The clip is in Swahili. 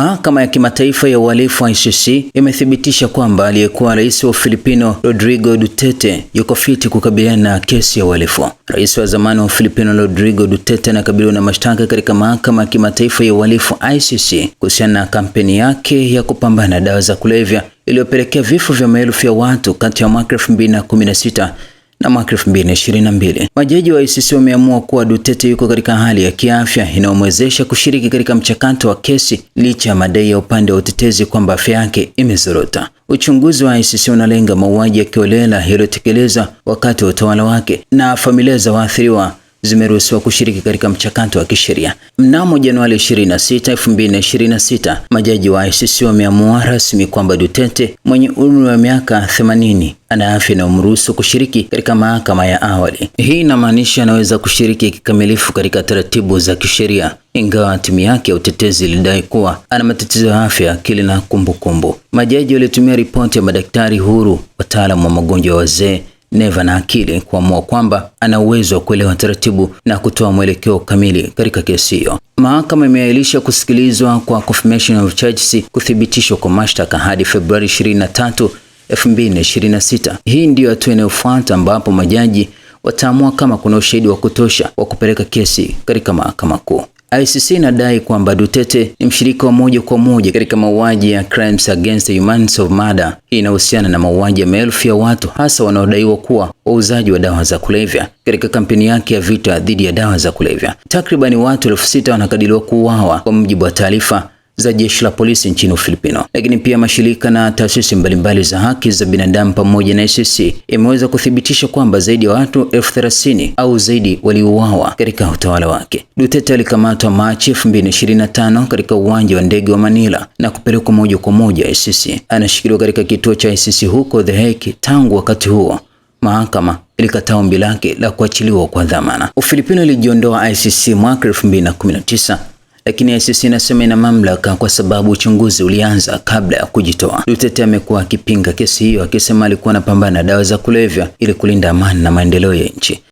Mahakama ya Kimataifa ya Uhalifu ICC imethibitisha kwamba aliyekuwa rais wa Filipino Rodrigo Duterte yuko fiti kukabiliana na kesi ya uhalifu. Rais wa zamani wa Filipino Rodrigo Duterte anakabiliwa na mashtaka katika Mahakama ya Kimataifa ya Uhalifu ICC kuhusiana na kampeni yake ya kupambana dawa za kulevya iliyopelekea vifo vya maelfu ya watu kati ya mwaka 2016 na mwaka 2022. Majaji wa ICC wameamua kuwa Duterte yuko katika hali ya kiafya inayomwezesha kushiriki katika mchakato wa kesi licha ya madai ya upande wa utetezi kwamba afya yake imezorota. Uchunguzi wa ICC unalenga mauaji ya kiolela yaliyotekeleza wakati wa utawala wake na familia za waathiriwa zimeruhusiwa kushiriki katika mchakato wa kisheria. Mnamo Januari 26, 2026, majaji wa ICC wameamua rasmi kwamba Duterte mwenye umri wa miaka 80 ana afya inayomruhusu kushiriki katika mahakama ya awali. Hii inamaanisha anaweza kushiriki kikamilifu katika taratibu za kisheria, ingawa timu yake ya utetezi ilidai kuwa ana matatizo ya afya, akili na kumbukumbu. Majaji walitumia ripoti ya madaktari huru, wataalamu wa magonjwa wazee Neva na akili kuamua kwamba ana uwezo wa kuelewa taratibu na kutoa mwelekeo kamili katika kesi hiyo. Mahakama imeahirisha kusikilizwa kwa confirmation of charges kuthibitishwa kwa mashtaka hadi Februari 23, 2026. Hii ndiyo hatua inayofuata ambapo majaji wataamua kama kuna ushahidi wa kutosha wa kupeleka kesi katika mahakama kuu. ICC inadai kwamba Duterte ni mshirika wa moja kwa moja katika mauaji ya Crimes Against the Humanity of Murder. Hii inahusiana na mauaji ya maelfu ya watu hasa wanaodaiwa kuwa wauzaji wa dawa za kulevya katika kampeni yake ya vita dhidi ya dawa za kulevya. Takribani watu elfu sita wanakadiriwa kuuawa kwa mujibu wa taarifa za jeshi la polisi nchini Ufilipino. Lakini pia mashirika na taasisi mbalimbali za haki za binadamu pamoja na ICC imeweza kuthibitisha kwamba zaidi ya watu elfu thelathini au zaidi waliuawa katika utawala wake. Duterte alikamatwa Machi 2025 katika uwanja wa ndege wa Manila na kupelekwa moja kwa moja ICC. Anashikiliwa katika kituo cha ICC huko The Hague tangu wakati huo mahakama ilikataa ombi lake la kuachiliwa kwa dhamana. Ufilipino ilijiondoa ICC mwaka 2019 lakini ICC inasema ina mamlaka kwa sababu uchunguzi ulianza kabla ya kujitoa. Duterte amekuwa akipinga kesi hiyo akisema alikuwa anapambana dawa za kulevya ili kulinda amani na maendeleo ya nchi.